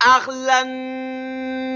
lan axlan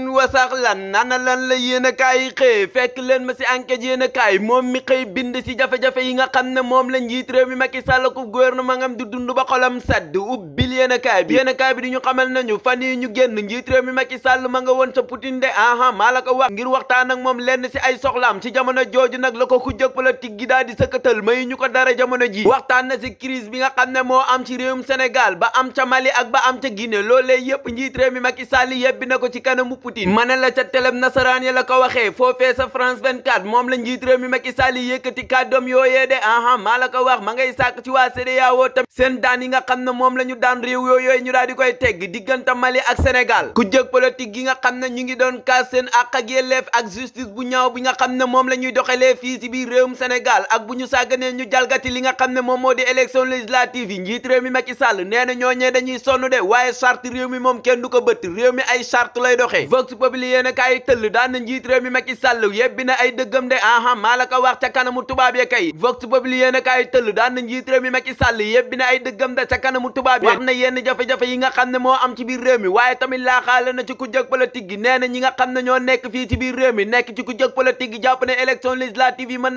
wasaxlan nana lan la yéen a kaay xëy fekk leen ma si enquête yéen a moom mi xëy bind ci jafe-jafe yi nga xam ne moom la njiit réew mi Macky Sall ku gouvernement ngam di dund ba xolam sadd ubbil yéen a kaay bi yéen a bi di ñu xamal nañu fan yi ñu génn njiit réew mi Macky Sall ma nga woon ca Poutine de aha maa la ko wax ngir waxtaan ak moom lenn si ay soxlaam ci jamono jooju nag la ko xujjëk politique gi daal di sëkkatal may ñu ko dara jamono ji waxtaan na si crise bi nga xam ne moo am ci réewum Sénégal ba am ca Mali ak ba am ca Guinée loolee yëpp njiit réew mi Macky Sall yebbi na ko ci kanamu Poutine ma ne la ca telem nasaraan ya la ko waxee foofee sa France 24 moom la njiit réew mi Macky Sall yëkkati kàddoom yooyee de aha maa la ko wax ma ngay sàkk ci waa CEDEAO tam seen daan yi nga xam ne moom la ñu daan réew yooyee ñu daal di koy tegg diggante Mali ak Sénégal ku jëg politique gi nga xam ne ñu ngi doon kaas seen àq ak yelleef ak justice bu ñaaw bi nga xam ne moom la ñuy doxalee fii ci biir réewum Sénégal ak bu ñu sàgganee ñu jalgati li nga xam ne moom moo di élection législative yi njiit réew mi Macky bët réew mi ay charte lay doxee vox populi yéen a kaay tëll daan njiit réew mi Macky Sall yebbi na ay dëggam de aha maa la ko wax ca kanamu tubaab ya kay vox populi yéen a kaay tëll daan njiit réew mi Macky Sall yebbi na ay dëggam de ca kanamu tubaab ya wax na yenn jafe-jafe yi nga xam ne moo am ci biir réew mi waaye tamit laaxaale na ci ku jëg politique gi nee ñi nga xam ne ñoo nekk fii ci biir réew mi nekk ci ku jëg politique gi jàpp ne élection législative yi mën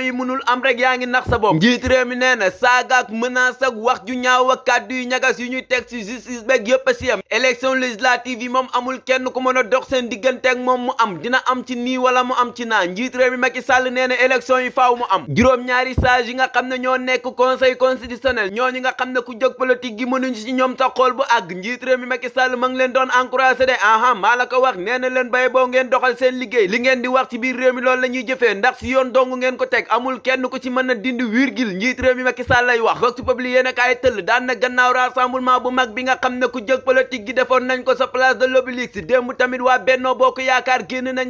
yi mënul am rek yaa ngi nax sa bopp njiit réew mi nee na saaga ak yu ñagas yu ñuy ci justice beeg yëpp a si yem élection législative yi moom amul kenn ku mën a dox seen diggante ak moom mu am dina am ci nii wala mu am ci naa njiit mi Macky Sall nee na élection yi faaw mu am juróom-ñaari sages yi nga xam ne ñoo nekk conseil constitutionnel ñooñu nga xam ne ku jóg politique gi mënuñ ci ñoom sa xool bu àgg njiit réew mi Macky Sall ma ngi leen doon encouragé de aha maa la ko wax nee leen bay boo ngeen doxal seen liggéey li ngeen di wax ci biir réew mi loolu la ñuy jëfee ndax si yoon dong ngeen ko teg amul kenn ku ci mën a dindi virgule njiit réew mi Macky Sall mag bi nga xam ne ku jëg politique gi defoon nañ ko sa nañ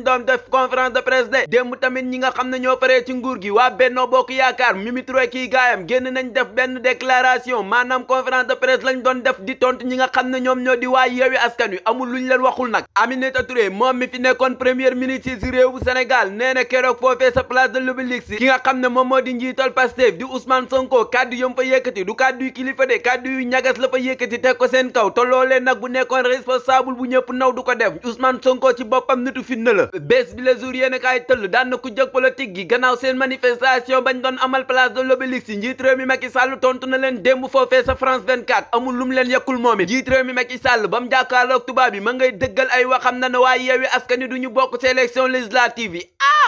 doon def conférence de presse de démb tamit ñi nga xam ne ñoo faree ci gi waa Benno Bokk Yaakaar Mimi Touré kii gaayam génn nañ def benn déclaration maanaam conférence de presse lañ doon def di tontu ñi nga xam ne ñoom ñoo di waa Yewwi Askan Wi amul luñ leen waxul nag Aminata Touré moom mi fi nekkoon premier ministre ci réewu Sénégal nee na keroog foofee sa place de l'Obélisque ki nga xam ne moom moo di njiital Pastef di Ousmane Sonko kaddu yom fa yëkkati du kaddu yu kilifa kaddu yu ñagas la fa yëkkati teg ko seen kaw te loolee nag bu nekkoon responsable bu ñëpp naw du ko def Ousmane Sonko ci boppam nitu fitna la bés bi le jour yéen a kaay tëll daan na ku jóg politique gi gannaaw seen manifestation bañ doon amal place de l'Obélisque si njiit réew mi Macky Sall tontu na leen démb foofee sa France 24 amul lum leen yekkul moom it njiit réew mi i Sall ba mu jàkkaarloog tubaab bi ma ngay dëggal ay waxam na ne waaye yeewi askan wi du ñu bokk ci élection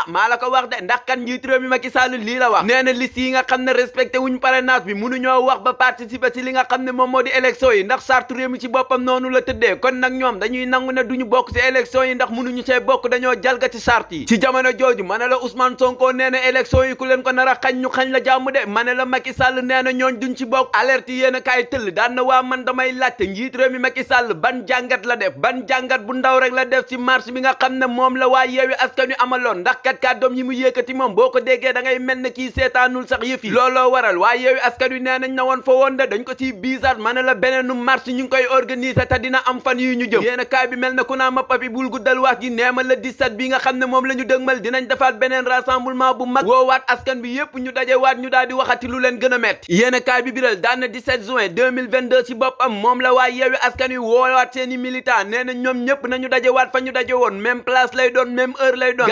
maa la ko wax de ndax kan njiit réew mi Macky Sall lii la wax nee na liste yi nga xam ne respecté wuñ parrainage bi mënuñoo wax ba participer ci li nga xam ne moom moo di élection yi ndax charte réew mi ci la tëddee kon nag ñoom dañuy nangu ne duñu bokk ci yi ndax mënuñu see bokk dañoo jalgati charte yi jamono jooju ma ne la Ousmane nee na élection yi ku leen ko nar a xañ ñu xañ la jàmm de ma ne la Macky Sall nee na ñooñ duñ ci bokk alerte yéen a kaay tëll daan na waa man damay laajte njiit réew mi Macky Sall ban jàngat la def ban jàngat bu ndaw rek la def ci marche bi nga xam ne moom la waa yeewi askan wi amaloon ndax kat kàddoom yi mu yëkkati moom boo ko déggee da ngay mel ne kii seetaanul sax yëf yi looloo waral waaye Yewwi Askan Wi nee nañ na woon fa woon de dañ ko ciy biisaat ma ne la beneenu marche ñu ngi koy organiser te dina am fan yu ñu jëm yéen a kaay bi mel na ku naa ma papi bul dal wax ji neema la 17 bi nga xam ne moom la ñu dëgmal dinañ defaat beneen rassemblement bu mag woowaat askan bi yëpp ñu waat ñu daal di waxati lu leen gën a metti yéen a kaay bi biral daan na 17 juin 2022 si boppam moom la waa Yewwi Askan Wi woowaat seeni militant nee na ñoom ñëpp nañu dajewaat fa ñu daje woon même place lay doon même lay doon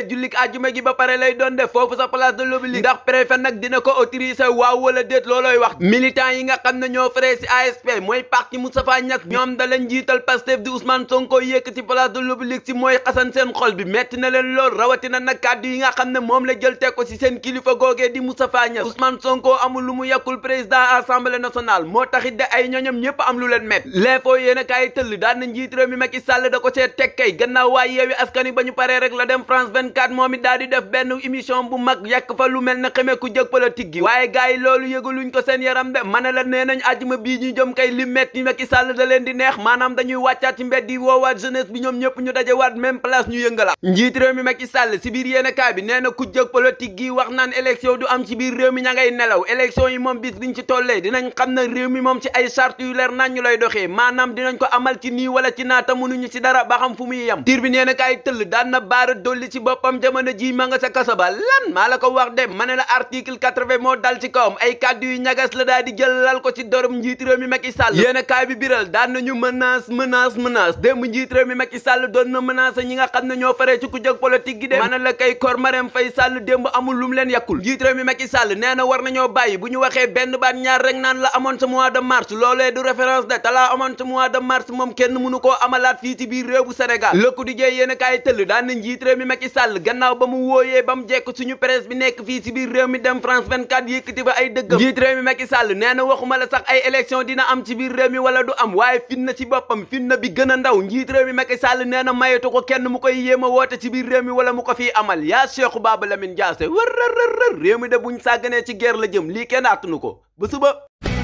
loolee jullik gi ba pare lay doon foofu sa place de l'Obélisque ndax préfet nag dina ko autorisé waaw wala déet loolooy wax militant yi nga xam ne ñoo fare si ASP mooy parti Moustapha Niasse ñoom da leen jiital Pastef di Ousmane Sonko yëkk ci place de l'Obélisque si mooy xasan seen xol bi metti na leen lool rawatina nag kàddu yi nga xam ne moom la jël teg ko si seen kilifa googee di Moustapha Niasse Ousmane Sonko amul lu mu yàkkul président assemblée nationale a 24 moom it daal di def benn émission bu mag yàq fa lu mel ne xemeeku jëg politique gi waaye gars loolu yëgaluñ ko seen yaram de mane la nee nañ ajuma bii ñu jëm kay li metti Macky Sall da leen di neex maanaam dañuy wàccaat ci mbedd yi woowaat jeunesse bi ñoom ñëpp ñu dajewaat même place ñu yëngalaat njiit réew mi Macky Sall si biir yéen bi nee na ku jëg politique gi wax naan élection du am ci biir réew mi ña nelaw élection yi moom bis biñ ci tollee xam na réew moom ci ay charte lay doxee maanaam dinañ ko amal ci nii wala ci naata mënuñu ci dara ba xam fu muy yem tir comme jamono jii ma nga sa kaso ba lan maa la ko wax de ma ne la article 80 moo dal ci kawam ay kàddu yu ñagas la daal di jël lal ko ci dorum njiit mi Macky Sall yéena kaay bi biral daan nañu menace menace menace démb njiit réew mi Macky Sall doon na menace ñi nga xam ne ñoo faree ci ku jóg politique gi de ma la kay kor Marème Faye démb amul lu mu leen yàkkul njiit réew mi Macky Sall nee na war nañoo bàyyi bu ñu waxee benn baat ñaar rek naan la amoon sa mois de mars loolee du référence de te laa amoon sa mois de mars moom amalaat fii ci biir réew bu Sénégal Le Quotidien yéena Sall gannaaw ba mu wooyee ba mu jekk suñu presse bi nekk fii si biir réew mi dem France 24 yëkkati ba ay dëggam njiit réew mi Macky Sall nee na waxuma la sax ay élection dina am ci biir réew mi wala du am waaye fitna si boppam fitna bi gën a ndaw njiit réew mi Macky Sall nee na mayetu ko kenn mu koy yéem a woote ci biir réew mi wala mu ko fii amal yaa Cheikh Baba Lamine Diasse wër rër rër réew mi de buñ sàgganee ci geer la jëm lii kenn attunu ko ba